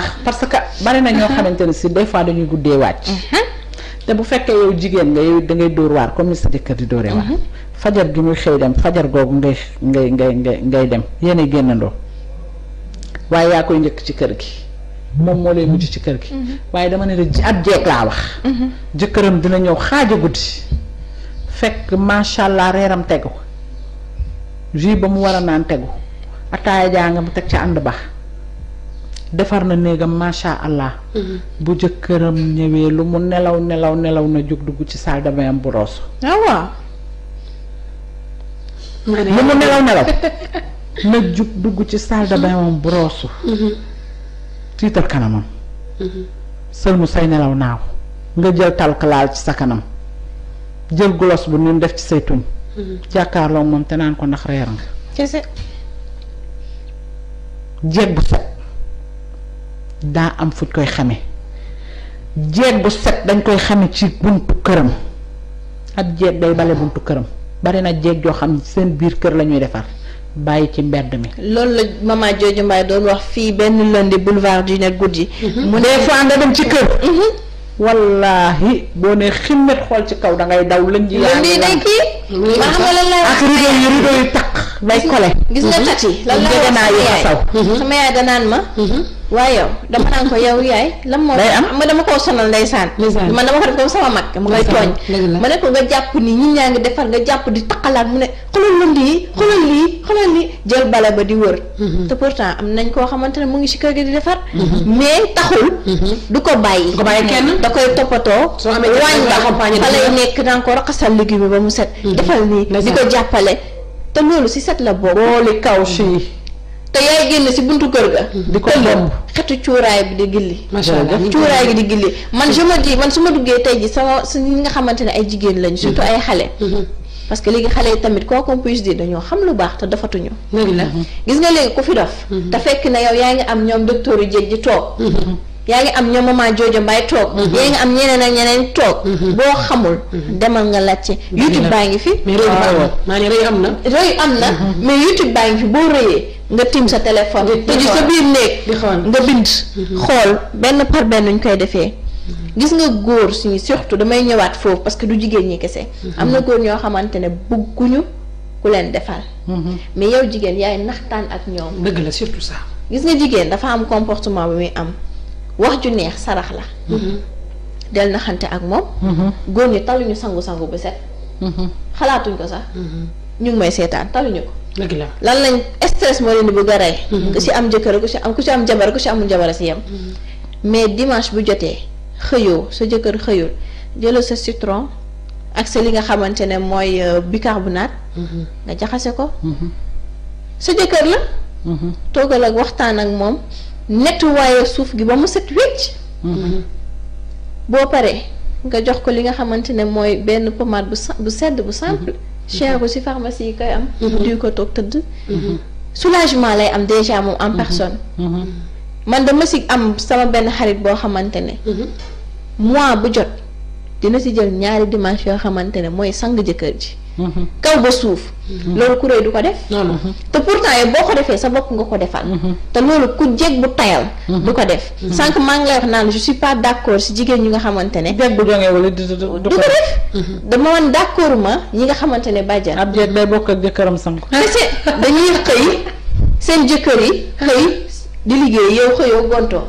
sax parce que bari na ñoo xamante ne si des fois dañuy guddee wàcc. Mhm. te bu fekkee yow jigéen nga yow da ngay dóor waar comme ni sa jëkkër di dóoree waar. Mhm. fajar gi muy xëy dem fajar googu ngay ngay ngay ngay dem yéen a génnandoo waaye yaa koy njëkk ci kër gi. moom moo lay mujj ci kër gi. Mhm. waaye dama ne la ji ab jeeg laa wax. jëkkëram dina ñëw xaaja guddi. fekk macha allah reeram tegu jus ba mu war a naan tegu ataaya jaa nga mu teg ca ànd ba. defar na néegam macha allah. Mm-hmm. bu jëkkëram ñëwee lu mu nelaw nelaw nelaw na jóg dugg ci salle de jug ah, dugg ci salle de bu roosu. Mm-hmm. tiital kanamam. Mm-hmm. sël mu say nelaw naaw nga jël talk laal ci sa kanam jël golos bu nim def ci say tuñ. jàkkaarloo moom te naan ko ndax reer nga. kese. bu set. daa am fuñ koy xame jeeg bu set dañ koy xame ci buntu këram ak jeeg day bale buntu këram bari na jeeg joo xam seen biir kër la ñuy defar bàyyi ci mbedd mi. loolu la maman Jojo Mbaye doon wax fii benn lënd boulevard du mhm. ne guddi. mu des fois nga dem ci kër. Mhm. wallaahi boo nee ximmet xool ci kaw da daw lënd. yaa day kii. ma xam nga lan la wax ak rido yi rido yi takk. day kole. gis nga mhm. tati lan la wax sama yaay sama yaay danaan ma. waaye dama naan ko yow yaay lan moo am ma dama koo sonal ndeysaan man dama ko def comme sama mag mu ngay tooñ ma ne ko nga jàpp ni ñi ñaa ngi defar nga jàpp di taqalaat mu ne xoolal lënd yi xoolal lii xoolal lii jël bala ba di wër mm-hmm. te pourtant am nañ koo xamante ne mu ngi si kër gi di defar mm-hmm. mais taxul mm-hmm. du ko bàyyi ko bàyyi kenn da koy toppatoo wàññi fa lay nekk danga ko raxasal légume ba mu set defal nii di ko jàppale te loolu si set la bokk kaw si te yaay génn si buntu kër ga. di ko lomb xetu cuuraay bi di gilli. macha allah cuuraay bi di man je me su ma duggee tey ji sama su ñi nga xamante ne ay jigéen lañ. surtout mm-hmm. ay xale. Mm-hmm. parce que léegi xale yi tamit koo qu'on puisse dañoo xam lu baax te defatuñu dëgg la gis nga léegi ku fi dof. Mm-hmm. te fekk na yow yaa ngi am ñoom docteur yu jéeg ji toog. yaa ngi am ñoom maman Jojo Mbaye toog. Mhm. yaa ngi am ñeneen ñeneen toog. Mhm. Mhm. boo xamul. demal nga laajte. YouTube baa ngi fi. mais rëy am na. rëy am na mais YouTube baa ngi fi boo rëyee. nga tiim sa téléphone. tëju sa biir néeg nga bind. xool benn par benn ñu koy defee. gis nga góor suñu surtout damay ñëwaat foofu parce que du jigéen ñi kese. am na góor ñoo xamante ne bëgguñu ku leen defal. mais yow jigéen yaay naxtaan ak ñoom. dëgg la surtout ça. gis nga jigéen dafa am comportement bi muy am. wax ju neex sarax la. Mm-hmm. del naxante ak moom. Mm-hmm. góor ñi ñu sangu-sangu bu set. Mm-hmm. xalaatuñ ko sax. ñu ngi may seetaan taluñu ko. dëgg la lan lañ stress moo leen di bëgg ku si am jëkkër ku si am ku si am jabar ku si amul jabar si yem. mais dimanche bu jotee xëyoo sa jëkkër xëyul jëlal sa citron ak sa li nga xamante ne mooy euh, bicarbonate. nga jaxase ko. sa jëkkër la. toogal ak waxtaan ak moom nettoyer suuf gi ba mu set wecc boo paree nga jox ko li nga xamante ne mooy benn pommade bu bu sedd bu simple cheru mhm. ci pharmacie yi koy am mhm. duy ko toog tëdd mhm. soulagement lay am déjà moom en personne man dama si am sama benn xarit boo xamante ne mois bu jot dina si jël ñaari dimanche yoo xamante ne mooy sang jëkkër ji. Mhm. kaw ba suuf. Mhm. loolu ku rëy du ko def. Mhm. te pourtant yow boo ko defee sa bopp nga ko defal. te loolu ku jég bu tayal. du ko def. sànq maa ngi lay wax naan je pas d' accord si jigéen ñi nga xamante ne. jég bu jógee wala du ko def. dama man d' ñi nga xamante ne bàjjan. ab jeeg day bokk ak jëkkëram sang. dañuy xëy seen jëkkër yi xëy di liggéey yow xëyoo gontoo.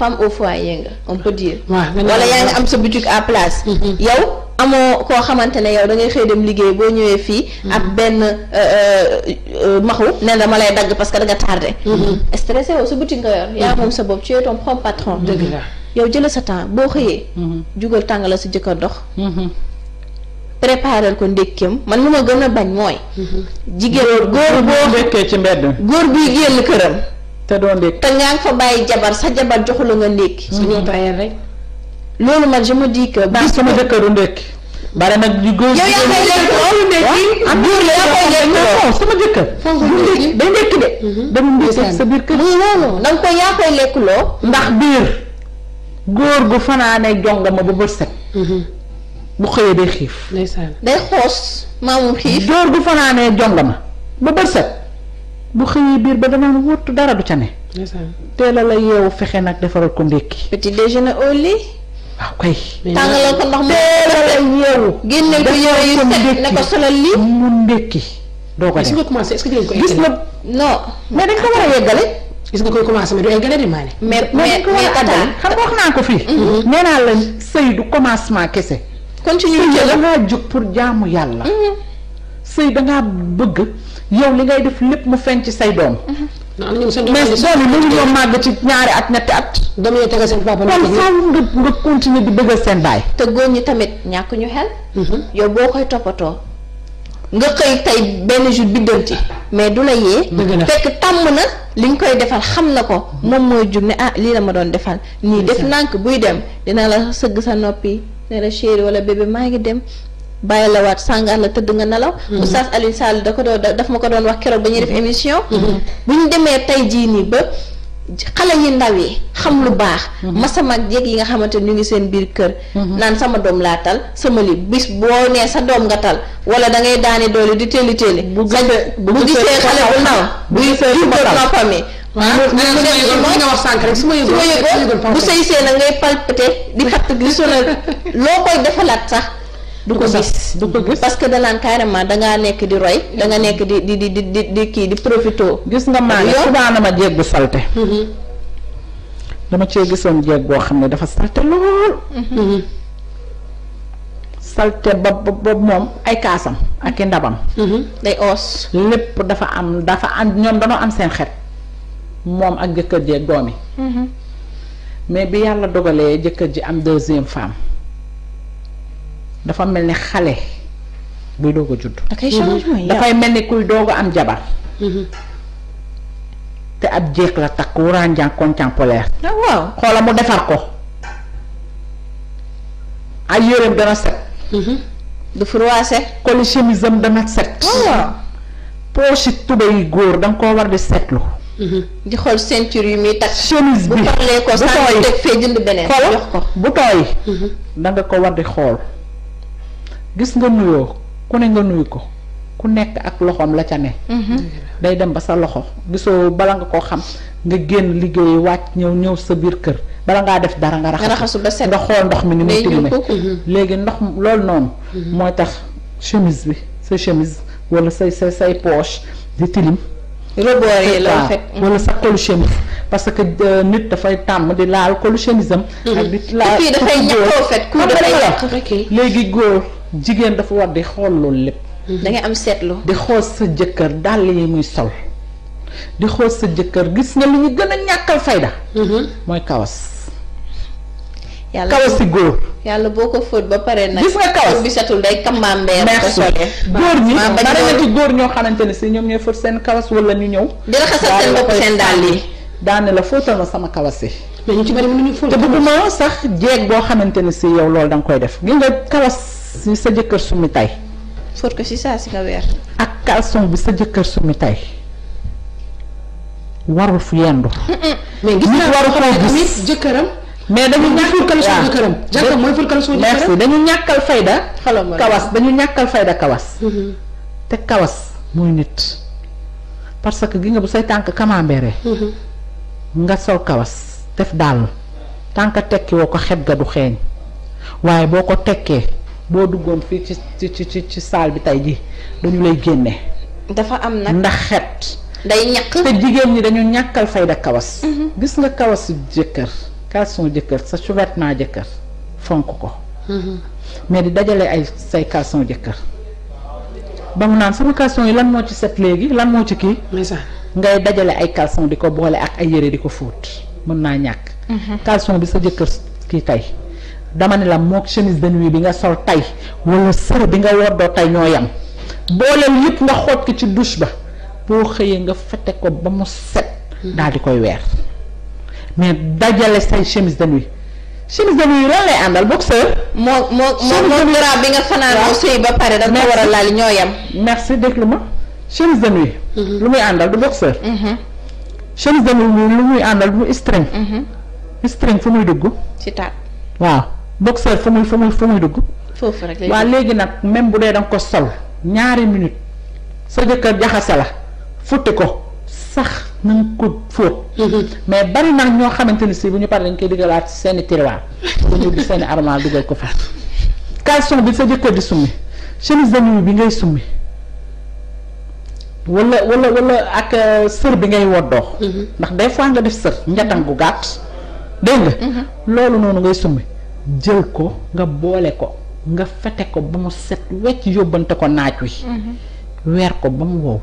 femme au foyer nga on peut dire. wala yaa ngi am sa boutique à place. Mm-hmm. yow amoo koo xamante ne yow da ngay xëy dem liggéey boo ñëwee fii. Mm-hmm. ak benn euh, euh, euh, maxu ne dama lay dagg parce que da nga tardé. Mm-hmm. stressé woo sa nga yor. yaa moom sa bopp tu es ton patron. dëgg la yow jëlal sa temps boo xëyee. jugal tàngala sa jëkkër dox. préparer ko ndékkeem man lu ma gën a bañ mooy. jigéen góor boo. góor ci mbedd. góor buy génn këram. te doo ndékki te ñaa ngi fa bàyyi jabar sa jabar joxu la nga ndékki. Mm-hmm. suñu tayal rek. loolu man je me dis que. bis sama jëkkër. day ndékki de. Mm-hmm. dem ndékki sa biir kër. loolu da yaa koy lekk ndax biir góor gu fanaane jongama ba bët set. Mm-hmm. bu xëyee day xiif. day xoos maamu xiif. góor gu fanaane jongama ba bët set. bu xëyee biir ba danaan wóotu dara du ca ne. teel a la yeewu fexe nag defaral ko ndékki. petit déjeuner au lit. waaw kay. tàngalal ko ndox mu teel a la yeewu. génneel ko yore yu set ne ko solal lii mu ndékki. gis nga commencé est ko gis nga non. mais dañ ko war nga koy commencé mais du eggale di maane. mais mais mais wax naa ko fii. Mm-hmm. nee la sëy du commencement kese. continué jël sëy dangaa jóg pour jaamu yàlla. Mm-hmm. sëy da ngaa bëgg yow li ngay def lépp mu feeñ ci say doom. am mm-hmm. ñun seen mais doom yi mënuñoo màgg ci ñaari at ñetti at. damay tegal seen papa kon faaw nga nga continuer di bëggal seen te góor ñi tamit ñàkk ñu xel. Mm-hmm. yow boo koy toppatoo. nga xëy tey benn jour biddanti mais du la yee. fekk tàmm na li nga koy defal xam na ko moom mooy jur ne ah lii la ma doon defal. nii def nànk buy dem dina la sëgg sa noppi ne la chérie wala bébé maa ngi dem bàyyi la waat sàngaar la tëdd nga nelaw. Mhm. Oustaz Alioune Sall da ko doon daf ma ko doon wax keroog ba ñuy def émission. Mhm. Mhm. bu ñu demee tey jii nii ba xale yi ndaw yi xam lu baax. masama ak jeeg yi nga xamante ñu ngi seen biir kër. naan sama doom laa tal sama li bis boo nee sa doom nga tal wala da ngay daani doole di teeli teeli. bu gisee bu gisee xale bu ndaw. bu gisee yi waaw ah, ah, nee ah, rek su ma yëgoon bu sëy see na ngay palpité di xatt di sonal loo koy defalaat sax. du ko gis du ko gis parce que danaan carrément dangaa nekk di roy danga nekk di di di di di kii di profito gis nga maane subaana ma jeeg bu salte mm-hmm. dama cee gisoon jeeg boo xam ne dafa salte lool mm-hmm. salte ba ba moom ay kaasam ak i ndabam mm-hmm. day oos lépp dafa am dafa am ñoom danoo am seen xet moom ak jëkkër jeeg doomi mais bi yàlla dogalee jëkkër ji am deuxième femme dafa mel ni xale buy doog a judd. dafay mhm. mel ni kuy doog am jabar. Mhm. te ab jéeg la takk wuranjaan contemporain. ah waaw xoola mu defar ko. ay yéreem dana set. Mhm. du froissé. colu chemise am dana set. Ah, waaw poche tubéy yi góor da nga koo war di seetlu. di xool ceinture yi muy takk. chemise bi bu tollee ko sànni teg fee tooy. da nga ko war di xool. gis nga nuyoo ku ne nga nuyu ko ku nekk ak loxoom la ca ne mm-hmm. day dem ba sa loxo gisoo bala nga ko xam nga génn liggéey wàcc ñëw ñëw sa biir kër bala ngaa def dara nga raxasu ba set nga xool ndox mi ni muy tilimee mm-hmm. léegi ndox loolu noonu mm-hmm. mooy tax chemise bi sa chemise wala sa sa say poche di tilim rebooree la fekk wala sa colu chemise parce que euh, nit dafay tàmm di laal colu chemise am ak di laal léegi góor jigéen dafa war di xool loolu lépp. da am seetlu. di xool sa jëkkër dàll yi muy sol di xool sa jëkkër gis nga lu ñu gën a ñàkkal fayda. Mhm. mooy kawas. yàlla kawas si góor. yàlla boo ko fóot ba pare nag. gis nga kawas bi setul day kambaambeer. ñi bari na ci xamante ne si ñoom ñooy fóot seen kawas wala ñu ñëw. di raxasal seen bopp sama kawas yi. mais ñu sax jeeg boo xamante ne si yow loolu da koy def gi nga kawas. si sa jëkkër sumi tay for que si saa ak caleçon bi sa jëkkër sumi tay warul yendu mais gis naa waru koo dañu ñàkkal fayda kawas dañu ñàkkal fayda kawas te kawas mooy nit parce que gi nga bu say tànk kamambeere mm-hmm. nga sol kawas def daal tànk tekki woo ko xet ga du xeeñ waaye boo ko tekkee boo duggoon fii ci ci ci ci saal bi tey ji dañu lay génne. dafa am nag ndax xet. day ñàkk te jigéen ñi dañu ñàkkal fayda kawas. Mm-hmm. gis nga kawasu jëkkër caleçon jëkkër sa sous-vêtement jëkkër fonk ko. Mm-hmm. mais di dajale ay say caleçon jëkkër. ba mu naan sama caleçon yi lan moo ci set léegi lan moo ci kii. ngay dajale ay caleçon di ko boole ak ay yére di ko fóot mën naa ñàkk. Mm-hmm. caleçon bi sa jëkkër kii kay. dama ne la mook chemise de bi nga sol tey wala sër bi nga woddoo tey ñoo yem booleel yëpp nga xooj ko ci douche ba boo xëyee nga fete ko ba mu set daal di koy weer mais dajale say chemise de nuit chemise de nuit lan lay àndal boxeur moo moo moo bi nga fanaanoo sëy ba pare da nga war a laal ñoo yem merci déglu ma chemise de mm-hmm. lu muy àndal du boxeur mm-hmm. chemise de lu muy àndal du string mm-hmm. string fu muy dugg ci taat waaw boxeur fu muy fu muy fu muy dugg. foofu rek léegi nag même bu dee da ko sol ñaari minute sa jëkkër jaxase la futti ko sax na nga ko fóot. Mhm. mais bari nag ñoo xamante ni si bu ñu paree dañ koy digalaat seen i tiroir bu ñu di seen i armoire dugal ko fa. caleçon bi sa jëkkër di summi chemise de bi ngay summi wala wala wala ak euh, sër bi ngay woddoo. Mhm. ndax des fois nga def sër njatan gu gàtt dégg mhm. loolu noonu ngay summi. jël ko nga boole ko nga fete ko ba mu set wecc yóbbante ko naaj wi mhm. weer ko ba mu wow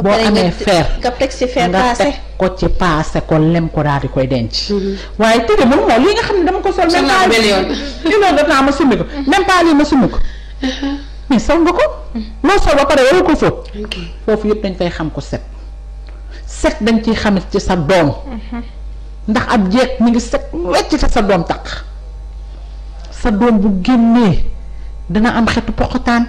boo amee fer nga teg ko ci paase ko lem ko daal di koy denc mhm. waaye tere ba mu wow lii nga xam ne dama ko sol même de temps ma summi ko mhm. même ma summi ko mais sol nga ko loo sol ba pare waroo ko fóot foofu yëpp dañ koy xam ko set set dañ ciy xamit ci sa doom ndax ab jeeg mi ngi set wecc te sa doom taq sa doom bu génnee dana am xetu poqotaan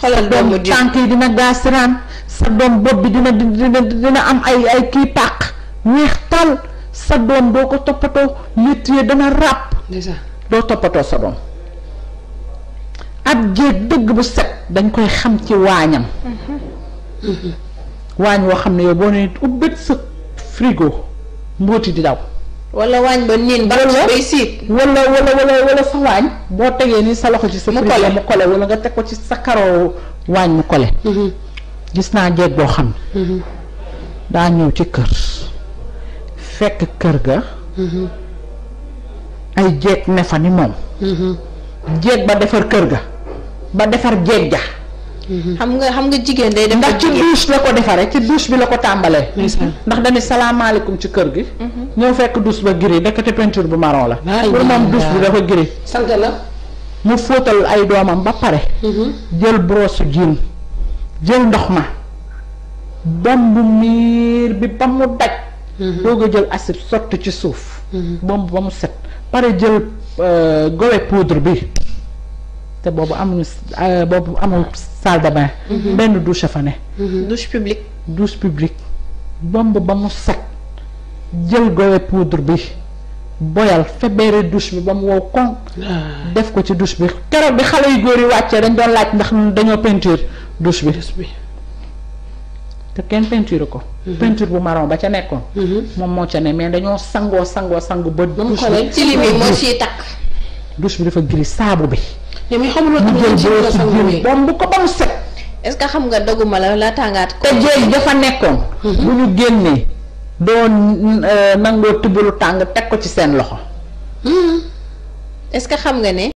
sa doom tànk yi dina gaasiraan sa doom bopp bi dina dina dina am ay ay kii pàq ñeex tal sa doom doo ko toppatoo létt yi dana ràpp doo toppatoo sa doom ab jéeg dëgg bu set dañ koy xam ci waañam mm-hmm. waañ woo xam ne yow boo ne ubbit sa frigo mbóoti di daw wala waañ ba niin ba bay siit wala wala wala sa waañ boo tegee ni sa loxo ci sa frigo mu kole wala nga teg ko ci sa karoo waañ mu kole mm-hmm. gis naa jeeg boo xam ne mm-hmm. daa ñëw ci kër fekk kër ga mm-hmm. ay jeeg ne fa ni moom jeeg ba defar kër ga ba defar jeeg ja Mhm. xam nga xam nga jigéen day def. ndax ci douche la ko defaree ci douche bi la ko tàmbalee. Mhm. ndax dañuy salaamaaleykum ci kër gi. Mhm. ñoo fekk douche ba gris ndekete peinture bu marron la. pour moom douche bi dafa gris. sant mu fóotal ay doomam ba pare. jël brosse jean jël ndox ma. bomb miir bi ba mu daj. doo ko jël acide sotti ci suuf. bomb ba mu set pare jël euh, gowe poudre bi. te boobu amuñu euh, boobu amul salle de bain. Mhm. benn douche fa ne. Mhm. douche publique. douche publique bomb ba mu set jël gowe poudre bi boyal febeere douche bi ba mu wow koŋ. Ah. def ko ci douche bi keroog bi xale yu góor yi wàccee dañ doon laaj ndax dañoo peinture douche bi. te kenn peinture ko. Mhm. peinture bu marron ba ca nekkoon. moom moo ca ne mais dañoo sangoo sangoo sangu ba. douche bi ci takk. douche bi dafa gris saabu bi. ne muy xamul woon tamit ci la ko ba mu set. est-ce que xam nga doguma la la tàngaat ko. te jéeg dafa nekkoon. Mhm. bu ñu génnee doon euh, nangoo tibb lu tàng teg ko ci seen loxo. Mhm. est-ce que xam nga ne.